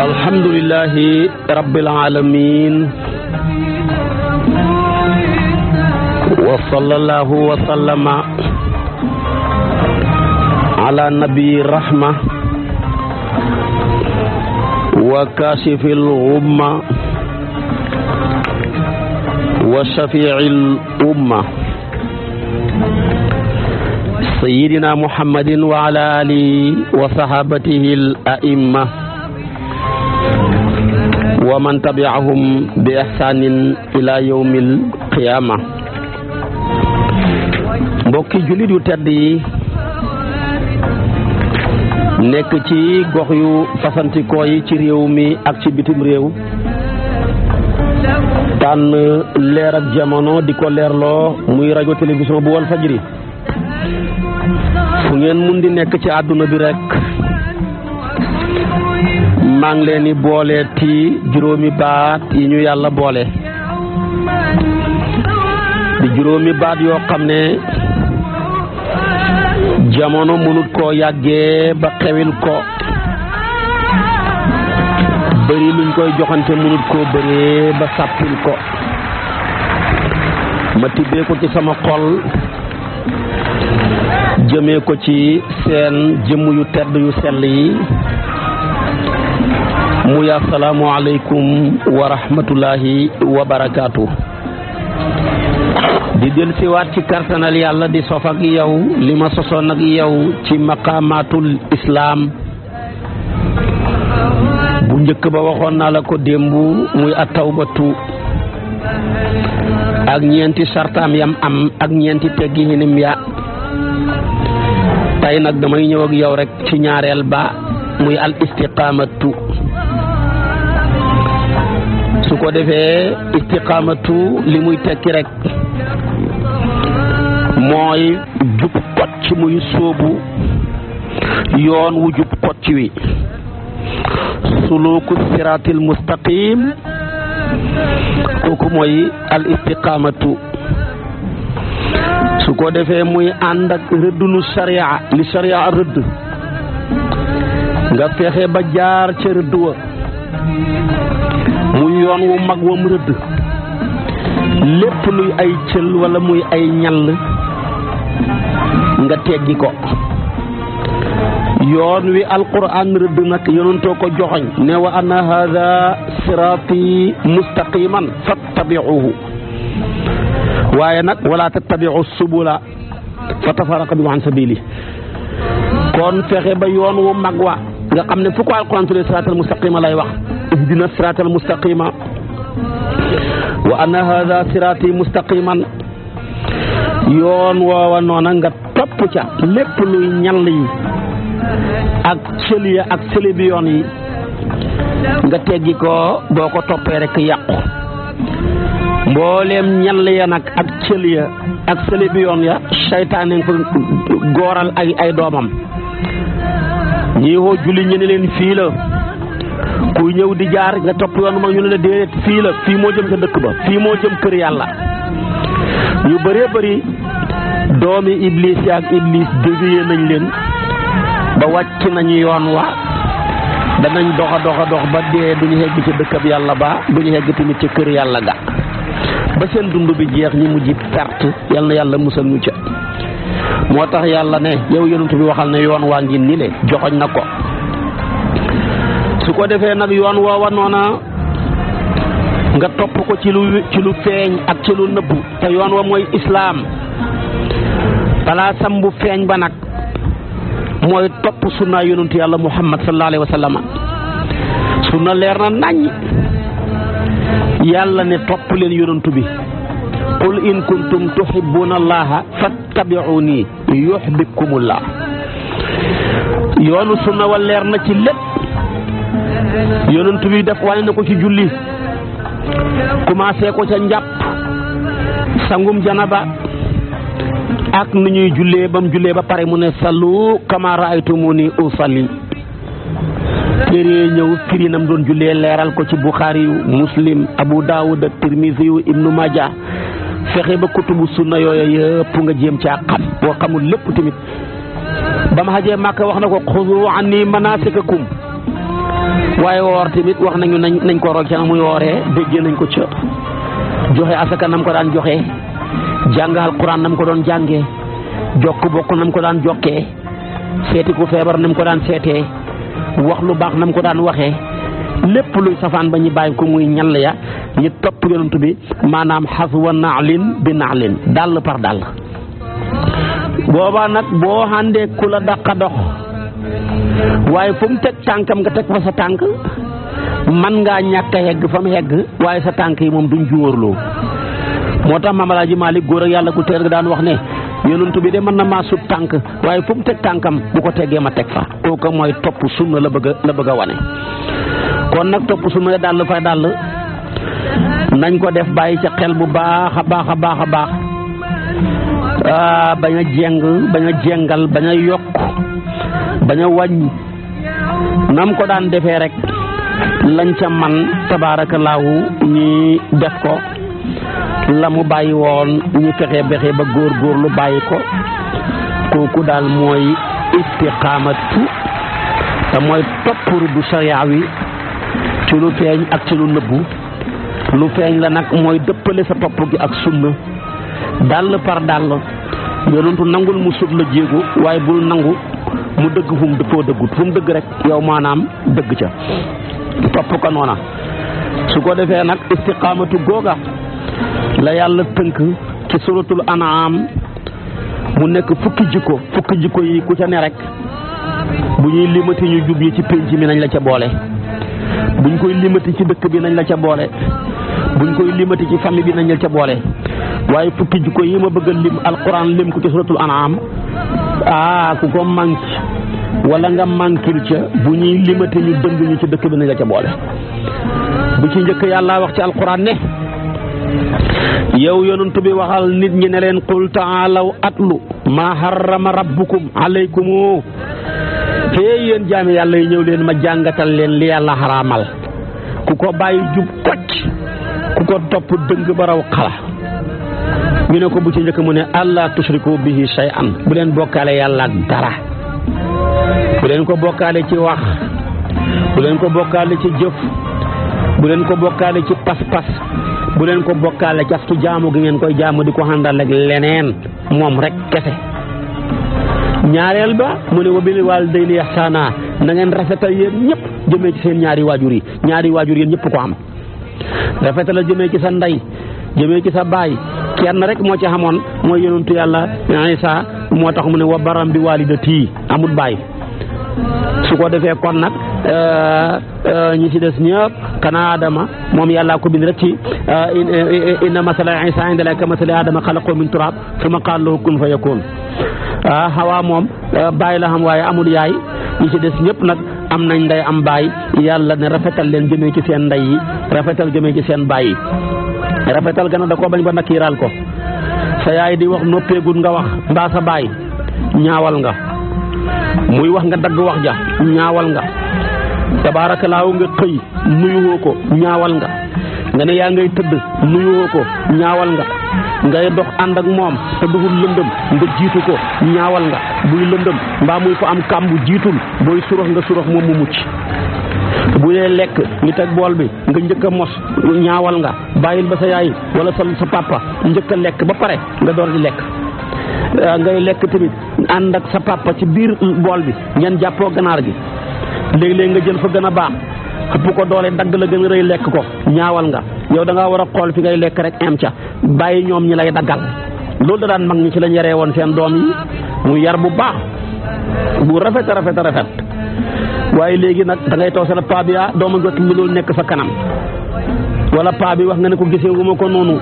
alhamdulillahi rabbil alamin wa sallallahu wa sallama ala nabi rahma wa kashifil ghumma wa shafi'il umma sayidina muhammadin wa ala ali wa sahabatihi al wa man tabiahum bi ihsanin ila yawmil qiyama mbokki jullit yu tedd nekk ci gox yu fasantikoo ci réew mi ak ci bitim réew tànn leer ak jamono di ko leerloo muy rajo télévision bu Walfadjri fu ngeen mun di nekk ci àdduna bi rekk maa ngi leen di boole ti juróomi baat yi ñu yàlla boole di juróomi baat yoo xam ne jamono mënut koo yàggee ba xewil ko bëri luñ koy joxante mënut koo bëree ba sàppil ko ma tibbee ko ci sama xol jëmee ko ci seen jëmm yu tedd yu sell yi muy asalaamu aleykum wa rahmatullahi di del siwaat ci kartanal yàlla di sof ak yow li ma sosoon ak yow ci maqaamaatul islaam bu njëkk ba waxoon naa la ko démb muy at tawbatu ak ñeenti sartaam yam am ak ñeenti teggihinam ya tey nag damay ñëw ak yow rek ci ñaareel ba muy al istiqaamatu su ko defee istiqaamatu li muy tekki rekk mooy jub kocc muy sóobu yoon wu jub kocc wi suluku siraatil mustaqim kooku mooy al su ko defee muy ànd ak rëddunu sariya li sariya rëdd nga fexe ba jaar ca rëdd wa muy yoon wu mag wam rëdd lépp luy ay cël wala muy ay ñall nga teggi ko yoon wi alquran rëdd nag yonentoo ko joxoñ ne wa anna hada siraati mustaqiman fattabiuhu waaye nag wala tattabiu subula fa tafaraqa bi an sabili kon fexe ba yoon wu mag wa nga xam ne fu ko alquran tudde siraatal mustaqima lay wax ihdina siraatal mustaqima wa anna hada siraati mustaqiman yoon woowa noona nga topp ca lépp luy ak sëli ya yoon yi nga teggi ko boo ko toppee rek yàqu mbooleem ñal ya nag ak cël ya ak sëli bi yoon ya seytaane ko gooral ay ay doomam ñii woo julli ñu ne leen fii la ñëw di jaar nga topp yoon ma ñu ne la déedéet fii fii moo jëm sa dëkk ba fii moo jëm kër yàlla yu bëree bëri doomi iblis ya ak iblis déggee nañ leen ba wàcc nañu yoon wa danañ doxa doxa dox ba dee duñu hegg ci bi yàlla ba duñu hegg tamit ci kër yàlla ga ba seen dund bi jeex ñi mujj perte yal na yàlla musal ñu ca moo tax yàlla ne yow yonent bi waxal ne yoon waa ngi ni le joxoñ na ko su ko defee nag yoon woowa noona nga topp ko ci lu ci lu feeñ ak ci lu nëbbu te yoon wa mooy islaam palaasam bu feeñ ba nag mooy topp sunna yonent yàlla muhammad sallallahu alayhi sunna leer na nañ yàlla ne topp leen yonantu bi qul in kuntum tuhibbuna allaha fattabi'uni yuhbibkumullah yoonu sunna wa leer na ci lépp yonantu bi def wane na ko ci julli commencé ko ca njàpp sangum janaba ak nu ñuy jullee bam jullee ba pare mu ne sallu kama ra'aytumuni usalli téere ñëw firi nam doon jullee leeral ko ci buxaari yu muslim abu daawud ak yu ibnu maja fexe ba kutubu sunna yooyu yëpp nga jéem ci xam boo xamul lépp tamit ba ma xajee màkk wax na ko xudu anni manasikakum waaye woor tamit wax nañu nañ nañ ko roog ca na muy wooree déggee nañ ko ci joxe asaka nam ko daan joxe jàng alquran nam ko doon jànge jokk bokk nam ko daan jokkee seeti ko feebar nam ko daan seetee wax lu baax nam ko daan waxee lépp luy safaan ba ñu bàyyi ko muy ñal ya ñu topp yonent bi maanaam xas wa naalin bi naalin dàll par dàll booba nag boo xàndee ku la daqa waaye fu mu teg tànkam nga teg fa sa tànk man ngaa ñàkk a hegg fa mu hegg waaye sa tànk yi moom duñ juwóorloo moo tax mamalaaji Malick góor ak yàlla ku teer ga daan wax ne yonent bi de mën na maa sut tànk waaye fu teg tànkam bu ko tegee ma teg fa kooka mooy topp sunna la bëgg la bëgg a wane kon nag topp sunna dàll fay dal nañ ko def bàyyi ca xel bu baax a baax a baax a baax ah, bañ a jeng bañ a jengal bañ a yokk bañ a wàññi nam ko daan defee rek lañ ca man tabaarakallaahu ñi def ko la mu bàyyi woon mu fexee bexe ba góor góor lu bàyyi ko kooku daal mooy istiqaamatu te mooy toppuru du sariya wi ci lu feeñ ak ci lu nëbbu lu feeñ la nag mooy dëppale sa topp gi ak sunna dàll par dàll yonentu nangul mu sut la jéegu waaye bul nangu mu dëgg fu mu dëppoo dëggut fu dëgg rek yow maanaam dëgg ca topp ko noona su ko defee nag istiqaamatu googa la yàlla tënk ci suratul anaam mu nekk fukki jikko fukki jikko yi ku ca ne rek bu ñuy limati ñu jub ñi ci mi nañ la ca boole buñ koy limati ci dëkk bi nañ la ca boole buñ koy limati ci famille bi nañ la ca boole waaye fukki jikko yi ma bëgg a lim alquran lim ko ci suratul anaam ah ku ko manqué wala nga manquil ca bu ñuy limati ñu dëng ñu ci dëkk bi nañ la ca boole bu ci njëkk yàlla wax ci alquran ne yow yonent bi waxal nit ñi ne leen qul taalaw atlu maa harrama rabbukum alaykumu tee yéen jaami yàlla yi ñëw leen ma jàngatal leen li yàlla xaraamal ku ko bàyyi jub kocc ku ko topp dëng ba raw xala ñu ne ko bu ci njëkk mu ne allah tushriku bihi shay'an bu leen bokkaale yàlla dara bu leen ko bokkaale ci wax bu leen ko bokkaale ci jëf bu leen ko bokkaale ci pas-pas bu leen ko bokkaale ci astu jaamu gi ngeen koy jaamu di ko xàndal ak leneen moom rek kese ñaareel ba mu ne wa bil waalidayni ihsaana na ngeen rafetal yéen ñëpp jëmee ci seen ñaari waajur yi ñaari waajur yéen ñëpp ko am rafetal jëmee ci sa ndey jëmee ci sa baay kenn rek moo ci xamoon mooy yonentu yàlla Isa moo tax mu ne wa baram bi waalidati amul baay su ko defee kon nag euh, euh, ñi ci des ñëpp kana adama moom yàlla ko rek ci euh, inna masala isa inda laa ka masali adama xalaqoo min turab suma qaala lahu kun fa yakun xawaa moom bàyyi la xam waaye amul yaay ñi ci des ñëpp nag am nañ ndey am baay yàlla ne rafetal leen jëmee ci seen ndey yi rafetal jëmee ci seen baay yi rafetal gën a da bañ ba nakiiraal ko sa yaay di wax noppeegul nga wax mbaa sa baay ñaawal nga muy wax nga dagg wax ja ñaawal nga tabaarakalaaw nga xëy nuyuwoo ko ñaawal nga nga ne yaa ngay tëdd nuyuwoo ko ñaawal nga ngay dox ànd ak moom te dugul lëndëm nga jiitu ko ñaawal nga buy lëndëm mbaa muy fa am kàmbu jiitul booy surax nga surax moom mu mucc bu lekk li teg bool bi nga njëkk a mos ñaawal nga bàyyil ba sa yaay wala sa sa njëkk a lekk ba pare nga door di lekk ngay lekk tamit and ak sa papa ci biir bool bi ngeen jàppoo ganaar gi léegi léeg nga jël fa gën a baax xëpp ko doole dagg la gën a rëy lekk ko ñaawal nga yow da ngaa war a xool fi ngay lekk rek am bàyyi ñoom ñi lay daggal loolu da daan mag ñi ci la yaree woon seen doom yi mu yar bu baax bu rafet a rafet a rafet waaye léegi nag dangay ngay toog sa paa bi ah dooma jot li nekk sa kanam wala paa bi wax nga ne ko gisee wu ko noonu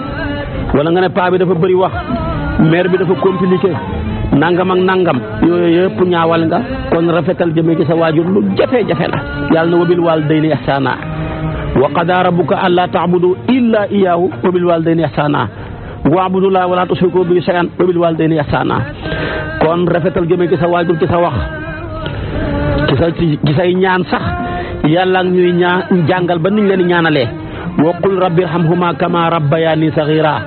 wala nga ne paa bi dafa bëri wax mère bi dafa compliqué nangam ak nangam yooyu yëpp ñaawal nga kon rafetal jëme ci sa waajur lu jafe-jafe la yàlla na wabil waalidayni ihsana wa qadaa rabbuka allaa taabudu illaa iyaahu wabil waalidayni ihsana waabudullaa wala tusriku bihi shay'an wabil waalidayni ihsana kon rafetal jëme ci sa waajur ci sa wax ci sa ci say ñaan sax yàlla ñuy ñaan ba niñ leen ñaanalee wa qul rabbi irhamhuma kama rabbayani saghira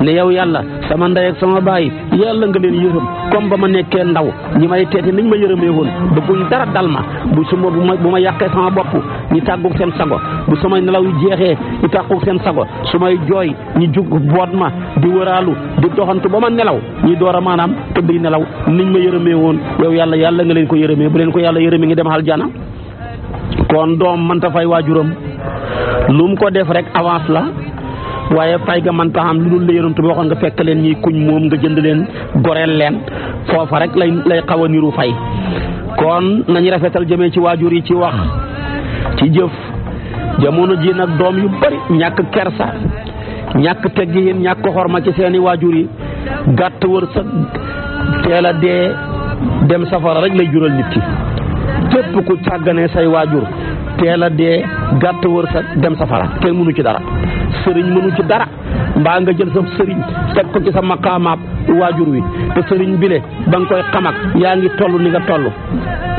ne yow yàlla sama ndey ak sama baay yàlla nga leen yërëm comme ba ma nekkee ndaw ñi may teete niñ ma yërëmee woon bëgguñ dara dal ma bu suma bu ma bu ma yàqee sama bopp ñu tàggug seen sago bu samay nelaw yu jeexee ñu tàggug seen sago su may jooy ñu jug boot ma di wëraalu di doxantu ba ma nelaw ñi door a maanaam tëdd yi nelaw niñ ma yërëmee woon yow yàlla yàlla nga leen ko yërëmee bu leen ko yàlla yërëmee ngi dem aljana kon doom mënta fay waajuram lu mu ko def rek avance la waaye fay ga man taxam lu dul la yonent bi waxoon nga fekk leen ñuy kuñ moom nga jënd leen goreel leen foofa rek lay lay xaw a niru fay kon nañu rafetal jëmee ci waajur yi ci wax ci jëf jamono ji nag doom yu bari ñàkk kersa ñàkk teggiin ñàkk xorma ci seeni waajur yi gàtt wërsëg teel a dee dem safara rek lay jural nit ki képp ku sàgganee say waajur teel a dee gàtt wërsëg dem safara kenn mënu ci dara sëriñ mënu ci dara mbaa nga jël sa sëriñ teg ko ci sa maqaamaab waajur wi te sëriñ bi le ba nga koy xamak yaa ngi toll ni nga toll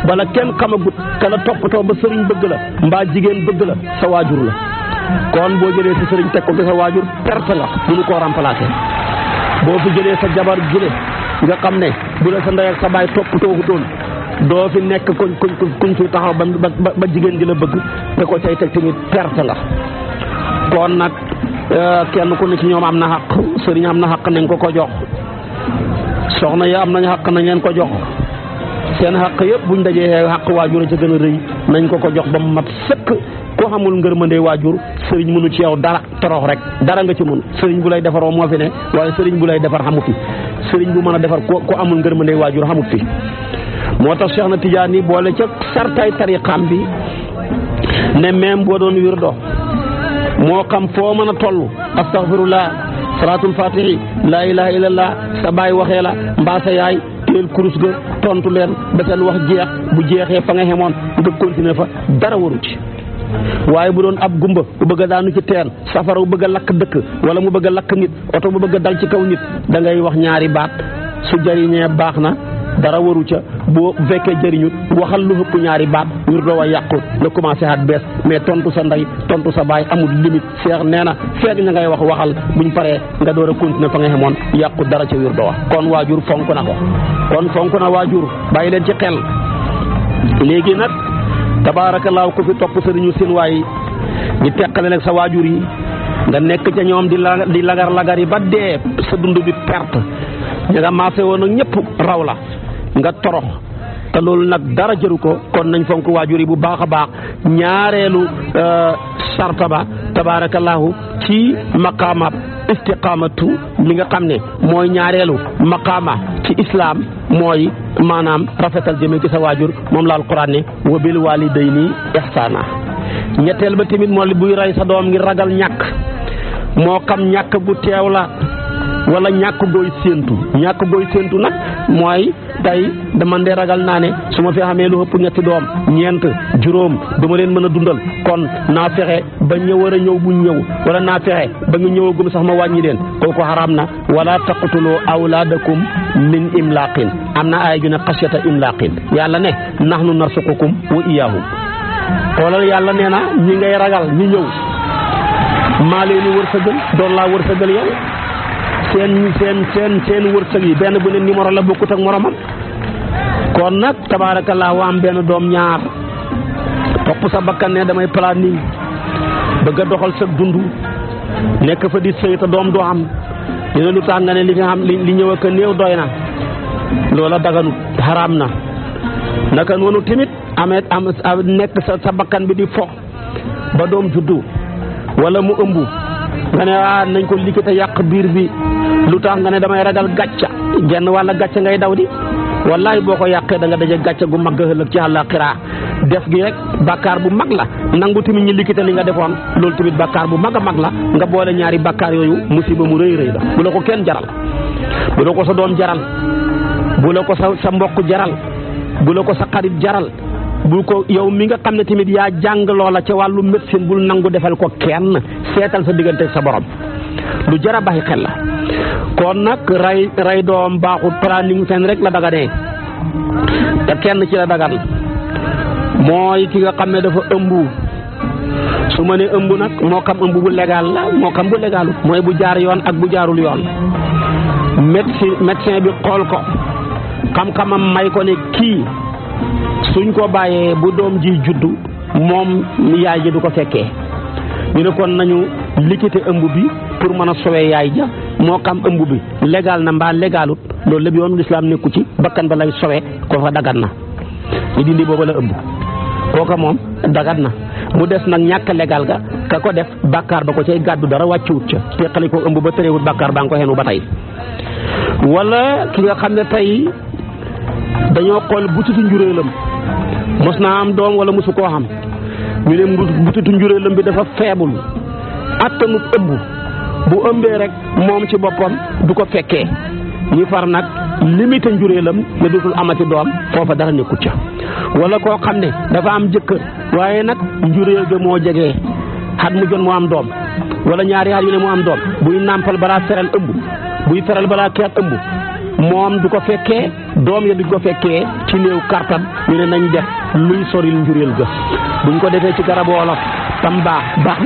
bala kenn xamagut kala toppatoo ba sëriñ bëgg la mbaa jigéen bëgg la sa waajur la kon boo jëlee sa sëriñ teg ko ci sa waajur perte nga bu ñu koo remplacer boo fi jëlee sa jabar jële nga xam ne bu la sa ndey sa baay toppatoo ko doon doo fi nekk kuñ kuñ kuñ fi taxaw ba ba jigéen ji la bëgg te ko cay teg tamit perte la kon nag euh, kenn ku ne ci ñoom am na xaq sëriñ am na xaq nañ ko ko jox soxna ya am nañ xaq nañ leen ko jox seen xaq yëpp buñ dajee xaq waajur a ca gën a rëy nañ ko ko jox ba mu mat sëkk koo xamul ngërmande waajur sëriñ mënu ci dara torox rek dara nga ci mën sëriñ bu lay defaroo moo fi ne waaye sëriñ bu lay defar xamu fi sëriñ bu mën a defar ko amul ngërmande waajur xamu fi moo tax Cheikh na Tidiane boole ca sartay tariqam bi ne même boo doon wirdo moo xam foo mën a toll astaghfirullah salaatul fatihi laa ilaha laa sa baay waxee la mbaa sa teel kurus ga tontu leen ba seen wax jeex bu jeexee fa nga xemoon nga continuer fa dara waru ci waaye bu doon ab gumba bu bëgg a daanu ci teen safara bu bëgg lakk dëkk wala mu bëgg a lakk nit oto mu bëgg dal ci kaw nit da ngay wax ñaari baat su jariñee baax na dara waru ca boo fekkee jëriñut waxal lu ëpp ñaari baat wir doo wa yàqu nga commencé at bees mais tontu sa ndey tontu sa baay amul limite seex nee na feeg ña ngay wax waxal buñ paree nga door a continuer fa nga xamoon yàqu dara ca wir doo wa kon waajur fonk na ko kon fonk na waajur bàyyi leen ci xel léegi nag tabaarakallaahu ko fi topp sëriñu seen waay ñu teqale nag sa waajur yi nga nekk ca ñoom di la di lagar lagar yi ba dee sa dund bi perte ña nga woon ak ñëpp raw la nga torox te loolu nag dara jëru ko kon nañ fonk waajur yi bu baax a baax ñaareelu euh, sarta ba tabaarakallaahu ci maqaama istiqaamatu li nga xam ne mooy ñaareelu maqaama ci islaam mooy maanaam rafetal jëme ci sa waajur moom la alquran ne wa bil walidayni ihsaana ñetteel ba tamit mooy buy rey sa doom ngir ragal ñàkk moo xam ñàkk gu teew la wala ñàkk gooy séentu ñàkk gooy séentu nag mooy tey dama ndee ragal naa ne su ma fi xamee lu ëpp ñetti doom ñeent juróom dama leen mën a dundal kon naa fexe ba ñëw war a ñëw bu ñëw wala naa fexe ba nga ñëwagum sax ma wàññi leen kooku xaraam na wala taqtulu awlaadakum min imlaaqin am na ay ju ne xasiyata imlaaqin yàlla ne nahnu narsuqukum wa iyaahum xoolal yàlla nee na ñi ngay ragal ñi ñëw maa leen wërsëgal doon laa wërsëgal yow seen seen seen seen wërsëg yi benn bu ne numéro la bokkut ak moromam kon nag tabaarakallaa wa am benn doom ñaar topp sa bakkan ne damay planning bëgg a doxal sa dund nekk fa di sëy te doom doo am ñu ne lu tax li nga xam ñëw ak néew doy na loola daganu xaraam na naka noonu tamit amee am nekk sa bakkan bi di fo ba doom juddu wala mu ëmbu nga ne nañ ko liggéey te yàq biir bi lu tax nga ne damay ragal gàcca genn wàlla gàcca ngay daw di wallahi boo ko yàqee da nga daje gàcca gu mag ëllëg ci àllaaxira def gi rek bàkkaar bu mag la nangu tamit ñi liggéey te li nga defoon loolu tamit bàkkaar bu mag a mag la nga boole ñaari bàkkaar yooyu musiba mu rëy rëy la bu la ko kenn jaral bu la ko sa doom jaral bu la ko sa sa mbokk jaral bu la ko sa xarit jaral bul ko yow mi nga xam ne tamit yaa jàng loola ca wàllu médecine bul nangu defal ko kenn seetal sa diggante sa borom lu jar a bàyyi xel la kon nag ray ray doom baaxut planning fen rek la daganee te kenn ci la dagan mooy ki nga xam ne dafa ëmb su ma ne ëmb nag moo kam ëmb bu légal la moo xam bu légalu mooy bu jaar yoon ak bu jaarul yoon médecin bi xool ko xam-xamam may ko ne kii suñ ko bàyyee bu doom ji juddu moom yaay ji du ko fekkee ñu ne kon nañu liquider ëmb bi pour mën a sowee yaay ja moo xam ëmb bi légal na mbaa légalut loolu lépp yoonu lislaam nekku ci bakkan ba lay sowee ko fa daggat na ñu dindi booba la ëmb kooka moom dagat na mu des nag ñàkk legal ga ka ko def bàkkaar ba ko cay gàddu dara wàccuwut ca teqali ko ëmb ba tëreewut bàkkaar baa nga ko xenu ba tey wala ki nga xam ne tey dañoo xool butitu njuréelam mos naa am doom wala mosu koo xam ñu ne butitu njuréelam bi dafa feebul attanu ëmb bu ëmbee rek moom ci boppam du ko fekkee ñu far nag limité njuréelam la dootul amati doom foofa dara nekkut ca wala koo xam ne dafa am jëkkër waaye nag njuréel ga moo jege xat mu jot mu am doom wala ñaari at yu ne mu am doom buy nàmpal balaa feral ëmb buy feral balaa keet ëmb moom du ko fekkee doom ya duñ ko fekkee ci néew kartan ñu ne nañ def luy soril njureel ga buñ ko defee ci garabu wolof tam baax baax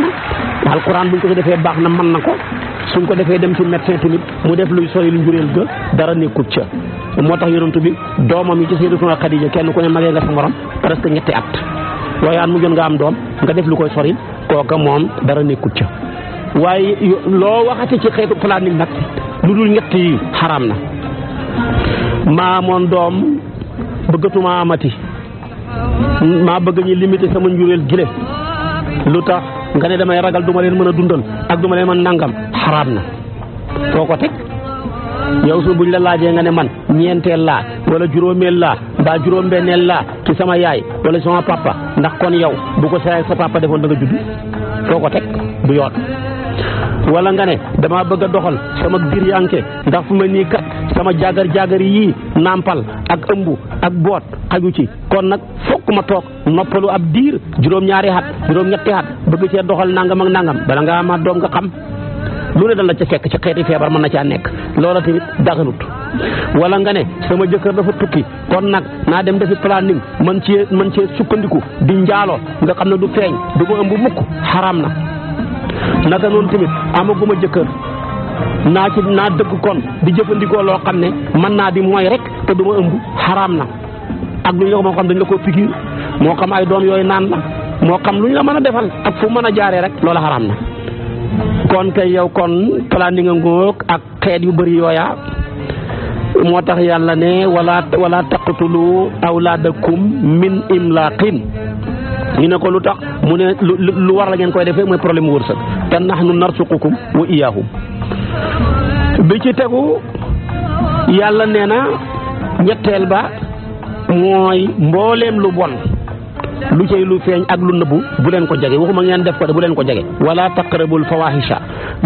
na alquran buñ ko defee baax na mën na ko suñ ko defee dem ci médecin tamit mu def luy soril njureel ga dara nekkut ca moo tax yonantu bi doomam yi ci Sayyidatuna Xadija kenn ko ne magee nga sa morom presque ñetti at at mu gën nga am doom nga def lu koy soril kooka moom dara nekkut ca waaye loo waxati xeetu planning nag lu dul ñett xaraam na maa amoon doom bëggatuma amati maa bëgg ñu limité sama njuréel gile lu tax nga ne damay ragal duma leen mën a dundal ak duma leen mën nangam xaraam na foo ko teg yow su buñ la laajee nga ne man ñeenteel laa wala juróomeel laa mbaa juróom-benneel laa ci sama yaay wala sama papa ndax kon yow bu ko sa sa papa defoon da nga judd ko teg du yoon wala ngane ne damaa bëgg a doxal sama biir yanke ndax fu ma nii kat sama jagar jagar yii nampal ak ëmb ak boot xaju ci kon nag fokk ma toog noppalu ab diir juróom-ñaari xat juróom-ñetti xat bëgg cee doxal nangam ak nangam bala nga ma doom nga xam lu ne dana la ca fekk ci xeeti feebar mën na caa nekk loola tamit daganut wala nga ne sama jëkkër dafa tukki kon nag naa dem defi planning man cee man cee sukkandiku di njaaloo nga xam ne du feeñ du ma ëmb mukk xaram na naka noonu tamit amaguma jëkkër naa naa dëgg kon di jëfandikoo loo xam ne mën naa di mooy rek te du ma ëmb xaraam na ak lu ñu la moo xam dañ la ko pikiir moo xam ay doom yooyu naan la moo xam lu ñu la mën a defal ak fu mën a jaare rek loola xaraam na kon kay yow kon planning ngoog ak xeet yu bari yooya moo tax yàlla ne wala wala taqtulu awlaadakum min imlaqin ñu ne ko lu tax mu ne lu lu war la ngeen koy defee mooy problème mu wërsëg te nahnu narsuqukum wa iyaahum bi ci tegu yàlla nee na ñetteel ba mooy mbooleem lu bon lu cay lu feeñ ak lu nëbbu bu leen ko jege waxuma ngeen def ko de bu leen ko jege wala taqrabul fawahisha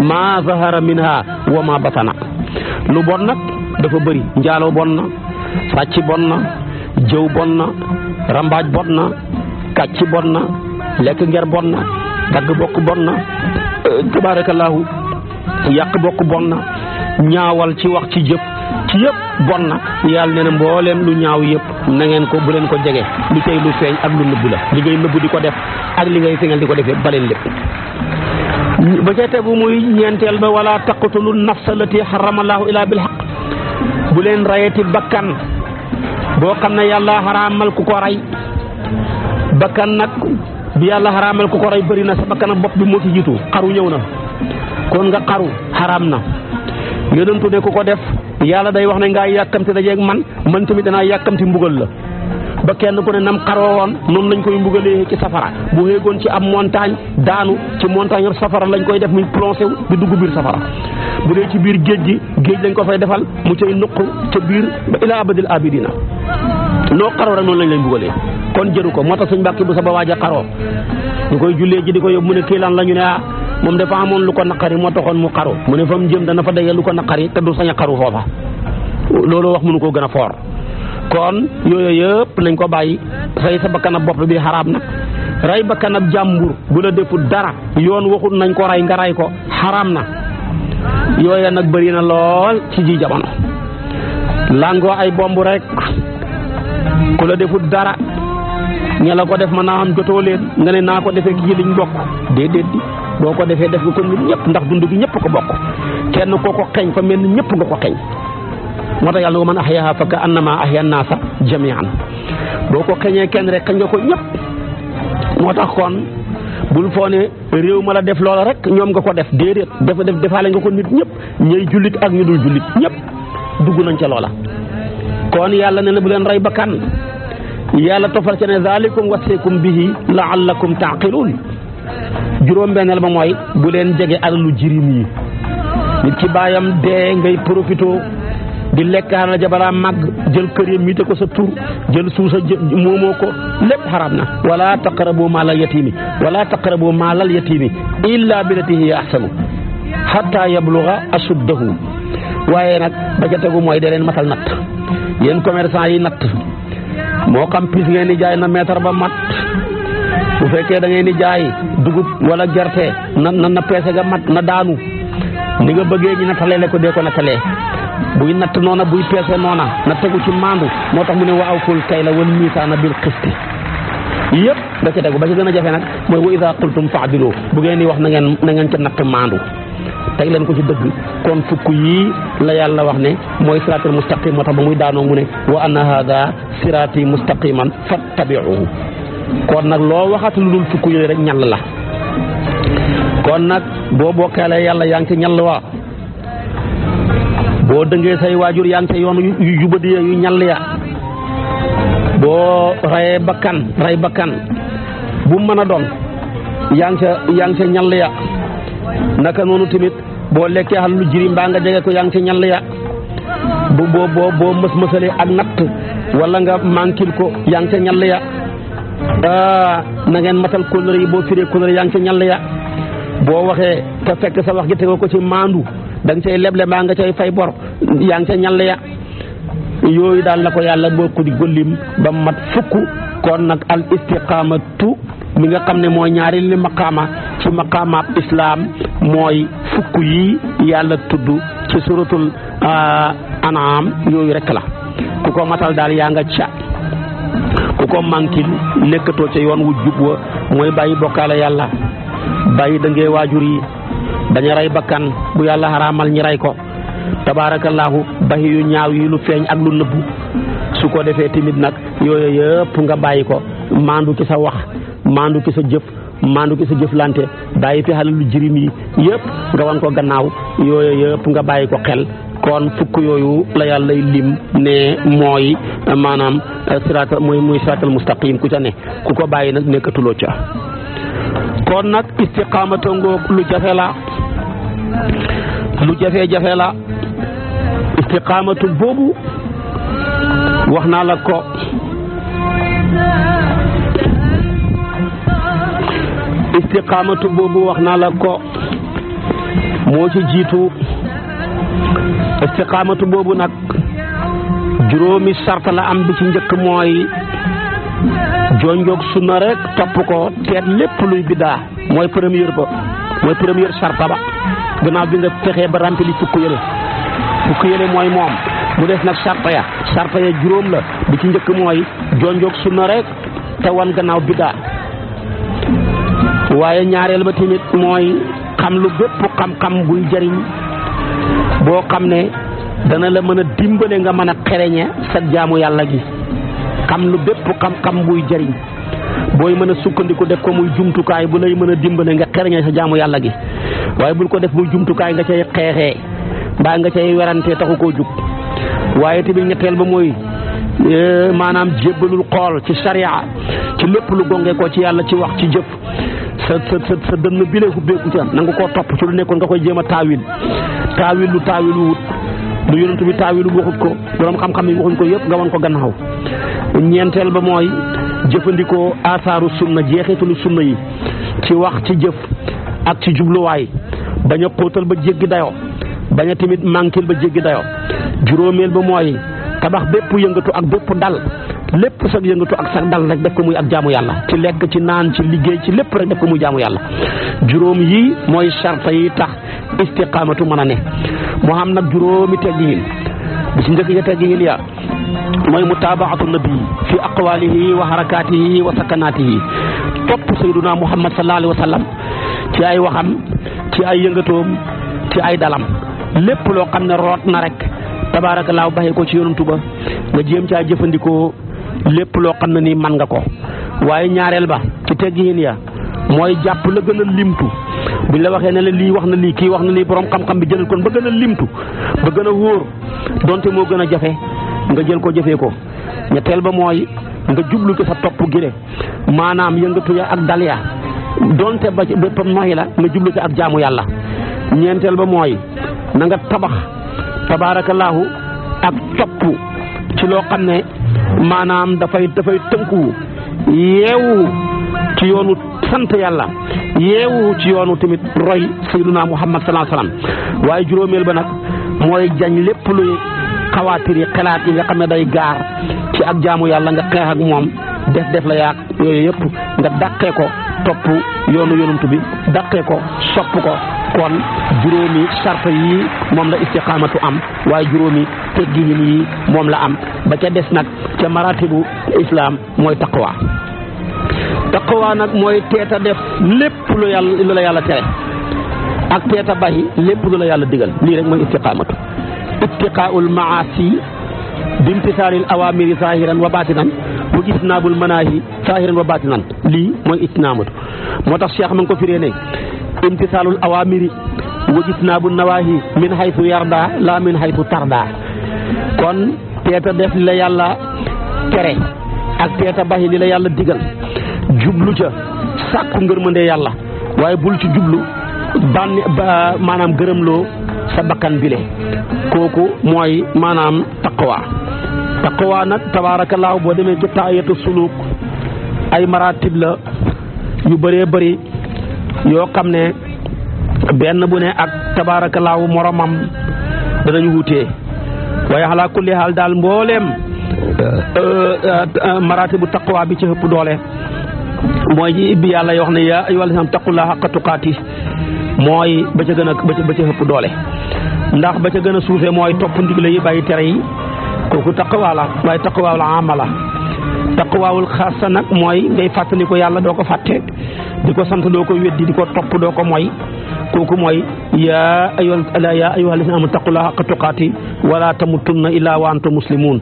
ma zahara minha wa ma batana lu bon nag dafa bari njaaloo bon na sàcc bon na jëw bon na rambaaj bon na kàcc bon na lekk nger bon na dagg bokk bon na euh, tabaarakallaahu yàq bokk bon na ñaawal ci wax ci jëf ci yëpp bon na yàlla nee na mbooleem lu ñaaw yëpp na ngeen ko bu leen ko jege lu tey lu feeñ ak lu nëbbu la li ngay di ko def ak li ngay feeñal di ko defee baleen lépp ba ca tegu muy ñeenteel ba wala taqtulu nafsa lati xaramallahu illa bil xaq bu leen rayeti bakkan boo xam ne yàlla xaraamal ku ko ray bakkan nag bi yàlla xaraamal ku ko rey bari na sa bakkanam bopp bi moo ci jiitu xaru ñëw na kon nga xaru xaram na yonentu ne ku ko def yàlla day wax ne ngaa yàkkamti dajeeg man man tamit danaa yàkkamti mbugal la ba kenn ku ne nam xaroo woon noonu lañ koy mbugalee ci safara bu xéegoon ci am montagne daanu ci montagne ab safara lañ koy def muy plongé wu di dugg biir safara bu dee ci biir géej gi géej lañ ko fay defal mu cay nuq ca biir ba ila abadil abidina noo xaroo rek noonu lañ lay mbugalee kon jëru ko moo tax suñ mbàkki bu sa ba waaj a koy jullee ji di ko yóbbu mu ne kii lan la ñu ne ah moom dafa amoon lu ko naqari moo taxoon mu xaru mu ne fa mu jëm dana fa daye lu ko naqari te du sañ a xaru foofa loolu wax mënu koo gën a foor kon yooyu yëpp lañ ko bàyyi say sa bakkanab bopp bi xaraam na rey bakkanab jàmbur bu la defut dara yoon waxut nañ ko rey nga rey ko xaraam na yooya nag bëri na lool ci ji jamono ku la defut dara ña la ko def mën naa am jotoo leen nga ne naa ko defee kii liñ bokk déedéet di boo ko defee def nga ko ñun ñëpp ndax dund gi ñëpp ko bokk kenn koo ko xeeñ fa mel ni ñëpp nga ko xeeñ moo tax yàlla ko man ahyaha fa ka annama ahya naasa jamian boo ko xeñee kenn rek xeñ nga ko ñëpp moo kon bul foo réew ma la def loola rek ñoom nga ko def déedéet dafa def defaale nga ko nit ñëpp ñay jullit ak ñu du jullit ñëpp dugg nañ ca loola kon yàlla ne na bu leen rey bakkan yàlla tofal ci ne zalikum la bihi laallakum taaqiluun juróom-benneel ba mooy bu leen jege alalu jirim yi nit baayam dee ngay profito di lekka alal ja balaa màgg jël kër yi miite ko sa tur jël suusa moomoo ko lépp xaram na wala taqrabu maalal yatiimi wala taqrabu maalal yatiimi illa billati hiya ahsanu xatta yabluga asuddahu waaye nag ba ca mooy da matal natt yéen commerçant yi natt moo xam pis ngeen ni jaay na mètre ba mat bu fekkee da ngeen di jaay dugub wala gerte na na na peese ga mat na daanu ni nga bëggee ñu nattalee la ko dee ko nattalee buy natt noona buy peese noona na tegu ci maandu moo tax mu ne wa awful kayla wal miisaana bil qisti yëpp da ci tegu ba ci gën a jafe nag mooy wa idaa qultum faadilu bu ngeen ni wax na ngeen na ngeen ca natt maandu tey leen ko ci dëgg kon fukk yii la yàlla wax ne mooy siraatul mustaqim moo tax ba muy daanoo mu ne wa anna hada siraati mustaqiman fattabiuhu kon nag loo waxat lu dul fukk yooyu rek ñal la kon nag boo bokkaale yàlla yaa ngi ci ñal wa boo dëngee say waajur yaa ngi yoon yu jubadi yu ñal ya boo rayee bakkan ray bakkan bu mën a doon yaa ngi ca yaa ngi ñal ya naka noonu tamit boo lekkee xalalu jiri mbaa nga jege ko yaa ngi ci ñal ya bu boo boo boo mës mësalee ak natt wala nga manquil ko yaa ngi ca ñall ya ah, na ngeen matal kóllëre yi boo firee kóllëre yaa ngi ca ñall ya boo waxee te fekk sa wax gi tegoo ko ci maandu dang nga cay leble maa nga cay fay bor yaa ngi ca ñall ya yooyu daal la ko yàlla boo ko di gollim ba mat fukk kon nag al istiqamatu mi nga xam ne mooy ñaari li maqaama ci maqaamaat islaam mooy fukk yi yàlla tudd ci suratul ah, anaam yooyu rek la ku ko matal daal yaa nga ca ku ko mànkil nekkatoo ci yoon wu jub wa mooy bàyyi bokkaale yàlla bàyyi dëngee waajur yi dañu rey bakkan bu yàlla xaraamal ñi rey ko tabaarakallaahu bàyyi yu ñaaw yi lu feeñ ak lu nëbbu su ko defee timit nag yooyu yëpp nga bàyyi ko maandu ki sa wax maandu ki sa jëf maandu gi sa jëflante bàyyi fi xalalu jirim yi yëpp nga wan ko gannaaw yooyu yëpp nga bàyyi ko xel kon fukk yooyu la yàlla lim ne mooy maanaam siraatal mooy muy siraatal mustaqim ku ca ne ku ko bàyyi nag nekkatuloo ca kon nag istiqaamata ngoog lu jafe la lu jafe-jafe la istiqaamatu boobu wax naa la ko istiqaamatu boobu wax naa la ko moo ci jiitu istiqaamatu boobu nag juróomi sart la am bi ci njëkk mooy jonjoog sunna rek topp ko teet lépp luy biddaa mooy première ba mooy première sarta ba gannaaw bi nga fexee ba rempli fukk yële fukk yële mooy moom mu des nag sarta ya sarta ya juróom la bi ci njëkk mooy jonjoog sunna rek te wan gannaaw biddaa waaye ñaareel ba tamit mooy xam lu bépp xam-xam buy jëriñ boo xam ne dana la mën a dimbale nga mën a xereñe sa jaamu yàlla gi xam lu bépp xam-xam buy jëriñ booy mën a sukkandiku def ko muy jumtukaay bu lay mën a dimbale nga xereñe sa jaamu yàlla gi waaye bul ko def muy jumtukaay nga cay xeexee mbaa nga cay werantee taxu koo jug waaye tamit ñetteel ba mooy e, maanaam jébbalul xool ci sariya ci lépp lu gongee ko ci yàlla ci wax ci jëpp sa sa sa dënn bi léegi béeku ci am na nga koo topp ci lu nekkoon nga koy jéem a taawil taawil lu taawil wut lu yonent bi taawilu waxut ko borom xam-xam yi waxuñ ko yëpp nga wan ko gannaaw ñeenteel ba mooy jëfandikoo asaaru sunna jeexitalu sunna yi ci wax ci jëf ak ci jubluwaay bañ a xóotal ba jéggi dayo bañ a tamit manquil ba jéggi dayo juróomeel ba mooy tabax bépp yëngatu ak bépp dal lépp sag yëngatu ak sag dal rek def ko muy ak jaamu yàlla ci lekk ci naan ci liggéey ci lépp rek def ko muy jaamu yàlla juróom yi mooy sarta yi tax istiqaamatu mën a ne mu xam nag juróomi teggin bi ci njëkk ya teggin ya mooy mutaabaatu nabi fi aqwaalihi wa harakaatihi wa sakanaatihi topp sayduna muhammad sallallahu alayhi wa sallam ci ay waxam ci ay yëngatoom ci ay dalam lépp loo xam ne root na rek tabaarakallaahu baxee ko ci yonantu ba nga jéem caa jëfandikoo lépp loo xam ne nii man nga ko waaye ñaareel ba ci teggiin ya mooy jàpp la gën a limtu buñ la waxee ne la lii wax na lii kii wax na lii borom xam-xam bi jëlal ko ba gën a limtu ba gën a wóor donte moo gën a jafe nga jël ko jafee ko ñetteel ba mooy nga jublu ci sa topp gire maanaam yëngatu ya ak dal ya donte ba ci bépp la nga jublu ci ak jaamu yàlla ñeenteel ba mooy na tabax tabaarakallaahu ak topp ci loo xam ne maanaam dafay dafay tënku yeewu ci yoonu sant yàlla yeewu ci yoonu tamit roy sayyiduna muhammad salaa salaam waaye juróomeel ba nag mooy jañ lépp luy xawaatir yi xelaat yi nga xam ne day gaar ci ak jaamu yàlla nga xeex moom def def la yaag yooyu yëpp nga dàqee ko topp yoonu yonantu bi daqee ko sopp ko kon juróomi sart yii moom la istiqaamatu am waaye juróomi tegginin yii moom la am ba ca des nag ca maratibu islaam mooy taqwa taqwa nag mooy teeta def lépp lu yàlla lu la yàlla tere ak teeta bàyyi lépp lu la yàlla digal lii rek mooy istiqaamatu ittiqaaul maasi bimtisaalil awaamiri zahiran wa baatinan wa ijtinaabul manaahi saahiran wa baatinan lii mooy ijtinaamatu moo tax cheikh ma ngi ko firee ne imtisaalul awaamiri wa ijtinaabu nawaahi min haythu yarda la min haythu tarda kon teeta def li la yàlla tere ak teeta baxi li la yàlla digal jublu ca sàkku ngërmande yàlla waaye bul ci jublu bànni maanaam gërëmloo sa bakkan bile kooku mooy maanaam taqwa taqwa nag tabaarakallaahu boo demee ci taayatu suluk ay maratib la yu bëree bëri yoo xam ne benn bu ne ak tabaarakallaahu moromam danañu wutee waaye xalaa kulli xaal daal mbooleem euh, bu taqwa bi ci ëpp doole mooy ji ibbi yàlla yoo xam ne yaa ayyuhal lazina taqullaaha haqqa tuqaati mooy ba ca gën a ba ca ëpp doole ndax ba ca gën a suufee mooy topp ndigal yi bàyyi tere yi kooku taqawaa la waaye taqawaawul ama la mooy ngay fàttali ko yàlla doo ko fàtte di ko sant doo ko weddi di ko topp doo ko moy kooku mooy yaa ayyuhal lazina aamanu taqullaaha haqqa tuqaati wala tamutunna illaa wa antum muslimuun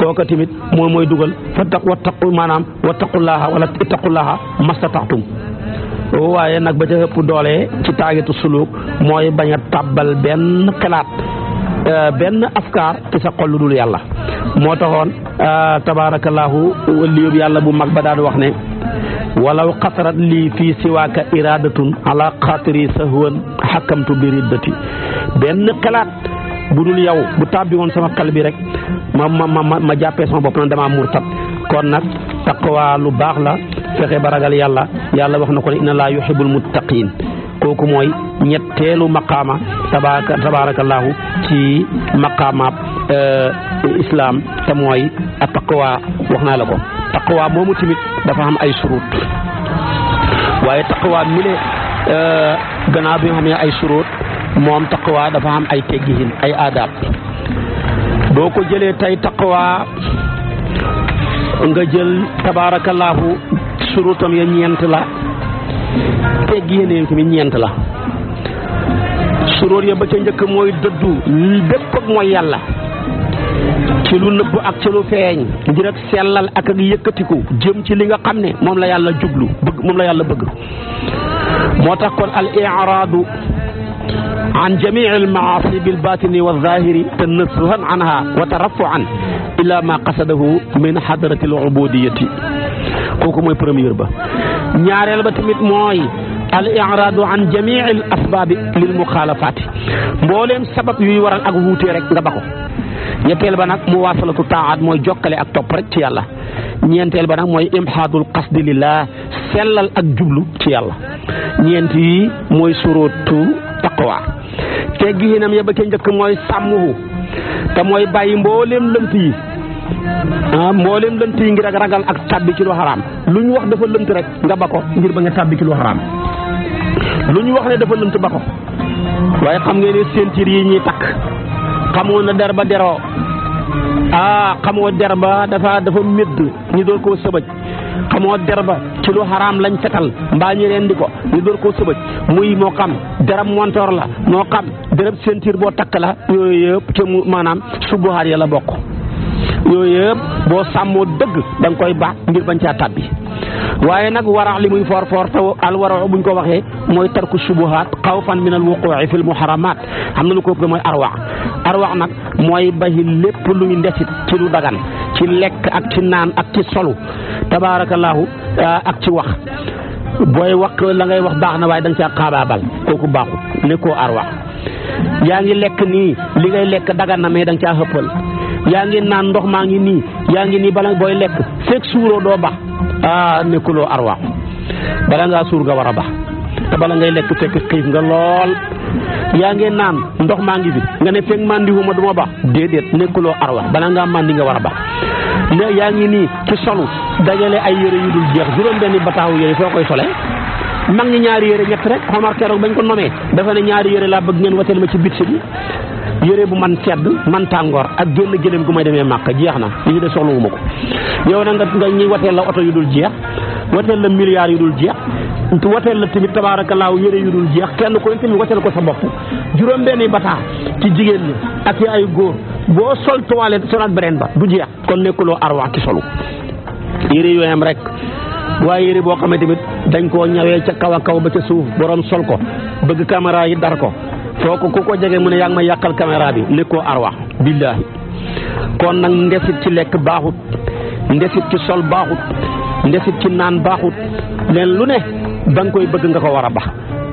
kooka tamit moom mooy dugal fa taq wa taqu maanaam wa taqullaaha wala ittaqullaaha mastataatum waaye nag ba ca ëpp doole ci taagetu suluk mooy bañ a benn xalaat Euh, benn afkaar ci sa xol yàlla moo taxoon euh, tabaarakallaahu liyób yàlla bu mag ba daan wax ne walaw xasarat lii fii siwaaka iradatun ala xatiri sahwan xakamtu bi riddati benn xalaat bu dul yow bu tàbbi woon sama xel bi rek ma ma ma ma jàppee sama bopp na damaa murtat kon nag taqwa lu baax la fexe ba ragal yàlla yàlla wax na ko ne inna laa yuhibbul muttaqiin kooku mooy ñetteelu maqaama tabaaraka tabaarakallaahu ci maqaamaab euh, islaam te mooy a taqwa wax la ko taqwa moomu tamit dafa am ay surut waaye taqwa mi le euh, gannaaw bi ay surut moom taqwa dafa am ay teggihin ay aadaab boo ko jëlee tey taqwa nga jël tabaarakallaahu surutam ya ñeent la tegg yéene yi tamit ñeent la suróor ya ba ca njëkk mooy dëddu bépp mooy yàlla ci lu nëbb ak ci lu feeñ ngir sellal ak ak yëkkatiku jëm ci li nga xam ne moom la yàlla jublu bëgg moom la yàlla bëgg moo tax kon al i'raadu an jamii al maasi bil batini wa zahiri tanasuhan anha wa tarafuan ila ma qasadahu min hadratil ubudiyati kooku mooy premier ba ñaareel ba tamit mooy al iraadu an jamii al asbaabi lil muxaalafaati mbooleem sabab yuy waral ak wuute rek nga ba ko ñetteel ba nag mu waasalatu taaat mooy jokkale ak topp rek ci yàlla ñeenteel ba nag mooy imhaadul qasdi lillah sellal ak jublu ci yàlla ñeent yi mooy surootu taqwa tegginam ya ba ca njëkk mooy sàmmuhu te mooy bàyyi mbooleem lënt yi ah mboolem lënt yi ngir ak ragal ak tàbbi ci lu xaraam lu ñu wax dafa lënt rek nga ba ngir ba nga tàbbi ci lu xaraam lu ñu ne dafa lënt ba waaye xam ngeen ne ceinture yi ñuy takk xamoo na der ba deroo ah xamoo der ba dafa dafa médd ñu door koo sëbëj xamoo der ba ci lu xaraam lañ fetal mbaa ñu leen di ko door koo sëbëj muy moo xam derab montoor la moo xam derab ceinture boo takk la yëpp ca maanaam subuhaar ya la bokk yooyu boo sàmmoo dëgg da koy baax ngir bañ caa tàbbi waaye nag warax li muy for ta te al buñ ko waxee mooy tarku shubuhaat xawfan min al wuquu'i fil muharamaat xam na lu ko ëpp mooy arwax arwax nag mooy bayi lépp luy ndesit ci lu dagan ci lekk ak ci naan ak ci solu tabaarakallaahu ah, ak ci wax booy wax la ngay wax baax na waaye da nga caa xaabaabal kooku baaxul ne koo arwax yaa ngi lekk nii li ngay lekk dagan na mais da ca caa yaa ngi naan ndox maa ngi nii yaa ngi nii bala booy lekk fekk suuroo doo bax ah nekkuloo arwaaxu bala ngaa suur nga war a bax te bala ngay lekk fekk xiif nga lool yaa ngi naan ndox maa ngi fi nga ne fekk màndiwuma duma bax déedéet nekkuloo arwaax bala ngaa màndi nga war a bax mais yaa ngi nii ci solu dajale ay yére yu dul jeex juróom benni bataawu yére foo koy sole mag ñi ñaari yére ñett rek xomar keroog bañ ko nomee dafa ne ñaari yére laa bëgg ngeen wateel ma ci bit bi yére bu man sedd man tàngoor ak génn gëléem gu may demee màkk jeex na li ñu de soxla wu ma ko yow nag nga ñuy wateel la oto yu dul jeex wateel la milliards yu dul jeex wateel la tamit tabaarakallaahu yére yu dul jeex kenn koy tamit wateel ko sa bopp juróom benni bataa ci jigéen ñi ak ci góor boo sol toilette solaat beneen ba du jeex kon nekkuloo arwaax ki solu yére yooyam rek waaye yére boo xamee tamit dañ koo ñawee ca kaw kaw ba ca suuf borom sol ko bëgg caméra yi dar ko kooku ku ko jege mu ne yaa ngi may yàqal caméra bi nekkoo arwa billaahi kon nag ndesit ci lekk baaxut ndesit ci sol baaxut ndesit ci naan baaxut leen lu ne ba nga koy bëgg nga ko war a bax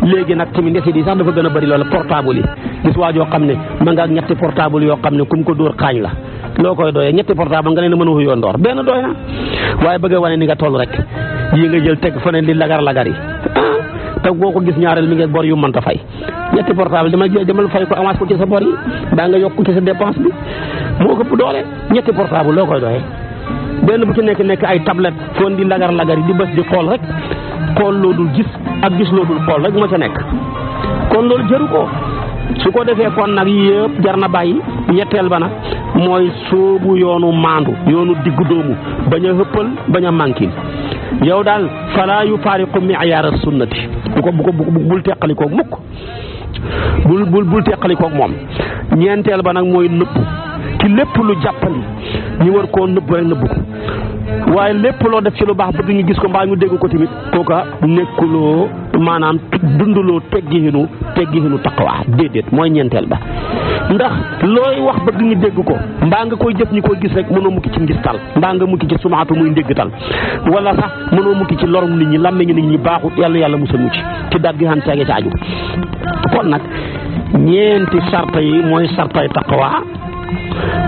léegi nag tamit ndesit yi sax dafa gën a bëri loolu portable yi gis waa joo xam ne ma nga ak ñetti portable yoo xam ne kum ko dóor xaañ la loo koy dooyee ñetti portable nga leen a mën a wuyoo ndoor benn dooy na waaye bëgg wane ni nga toll rek yi nga jël teg fa ne di lagar lagar yi ah, te boo ko gis ñaareel mi ngi bor yu mënta fay ñetti portable demal demal fay ko avance ko ci sa bor yi daa nga yokk ci sa dépense bi moo ko doole ñetti portable loo koy doyee benn bu ci nekk nekk ay tablette foon di lagar lagar yi di bës di xool rek xool loo dul gis ak gis loo dul xool rek moo ca nekk kon loolu jëru ko su ko defee kon nag yëpp jar na bàyyi ñetteel ba nag mooy sóobu yoonu maandu yoonu digg doomu bañ a hëppal bañ a mànkin yow daal fala yu faariqu miyaara sunnati bu ko bu ko bul teqalikoog mukk bul bul bul teqalikoog moom ñeenteel ba nag mooy nëbb ci lépp lu jàppandi ñu war koo nëbb rek nëbb ko waaye lépp loo def ci lu baax bëgg ñu gis ko mbaa ñu dégg ko tamit kooka nekkuloo maanaam dunduloo teggihinu teggihinu taqwa déedéet mooy ñeenteel ba ndax looy wax bëgg ñu dégg ko mbaa nga koy jëf ñu koy gis rek mënoo mukki ci ngistal mbaa nga mukki ci sumaatu muy ndéggtal wala sax mënoo mukki ci lorum nit ñi làmmiñu nit ñi baaxut yàlla yàlla musal ñu ci ci daat gi xam caage ci aju kon nag ñeenti sarta yi mooy sartay taqwa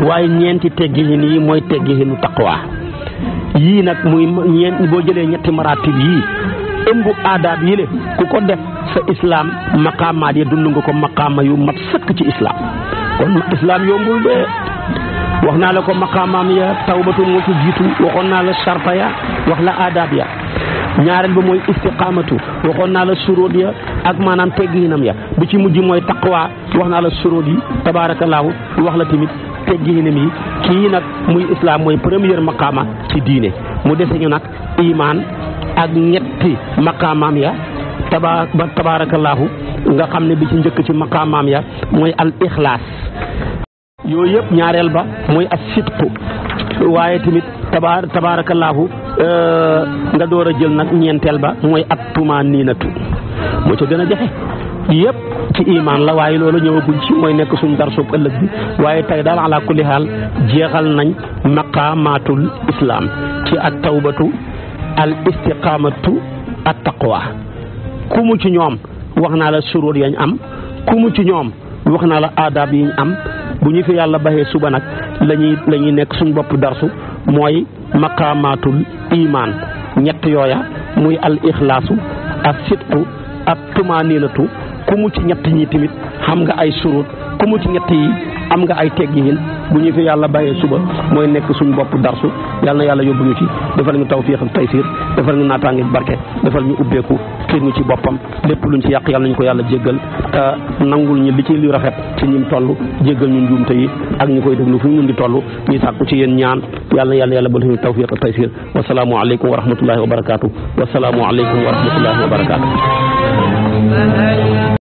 waaye ñeenti teggihin yi mooy teggihinu taqwa yii nag muy ñeent boo jëlee ñetti maratib yii ëmb aadaab yi le ku ko def sa islaam maqaamaat ya dund nga ko maqaama yu mat sëkk ci islam kon islam yombul de wax naa la ko maqaamaam ya tawbatu moo ci waxoon naa la sharta ya wax la adab ya ñaareel ba mooy istiqaamatu waxoon naa la suróot ya ak maanaam teggiinam ya bu ci mujj mooy taqwa wax naa la suróot yi tabaarakallaahu wax la tamit teggiinam yi kii nag muy islam mooy première maqaama ci diine mu dese ñu nag imaan ak ñetti maqaamaam ya taba ba tabaarakallaahu nga xam ne bi ci njëkk ci maqaamaam ya mooy al ixlaas yooyu ñaareel ba mooy as sidqu waaye tamit tabaar tabaarakallaahu euh, nga door a jël nag ñeenteel ba mooy at tumaaniinatu moo ca gën a jafe yëpp ci imaan la waaye loolu ñëwaguñ ci mooy nekk suñ dar soob ëllëg bi waaye tey daal ala kulli xaal jeexal nañ maqaamaatul islaam ci at tawbatu al istiqaamatu taqwa ku ci ñoom wax naa la suróor yañ am ku ci ñoom wax naa la aadaab yiñ am bu ñu fi yàlla baxee suba nag la lañuy nekk suñ bopp darsu mooy maqaamaatul imaan ñett yooya muy al ixlaasu ak sitku ak tumaaniinatu ci ñett ñi tamit xam nga ay surut ku mu ci ñett yi am nga ay teggin bu ñu fi yàlla bàyyee suba mooy nekk suñ bopp darsu yàlla yàlla yóbbu ñu ci defal ñu tawfiix ak taysiir defal ñu naataange barke defal ñu ubbeeku xiir ñu ci boppam lépp lu ñu ci yàq yàlla nañu ko yàlla jéggal te nangul ñu li ci lu rafet ci ñim toll jéggal ñu njuumte yi ak ñu koy déglu fu ñu mën di toll ñuy sàkku ci yéen ñaan yàlla na yàlla ba ñu tawfiix ak taysiir wasalaamu aleykum wa rahmatullahi wa barakaatu wasalaamu aleykum wa rahmatullahi wa barakaatu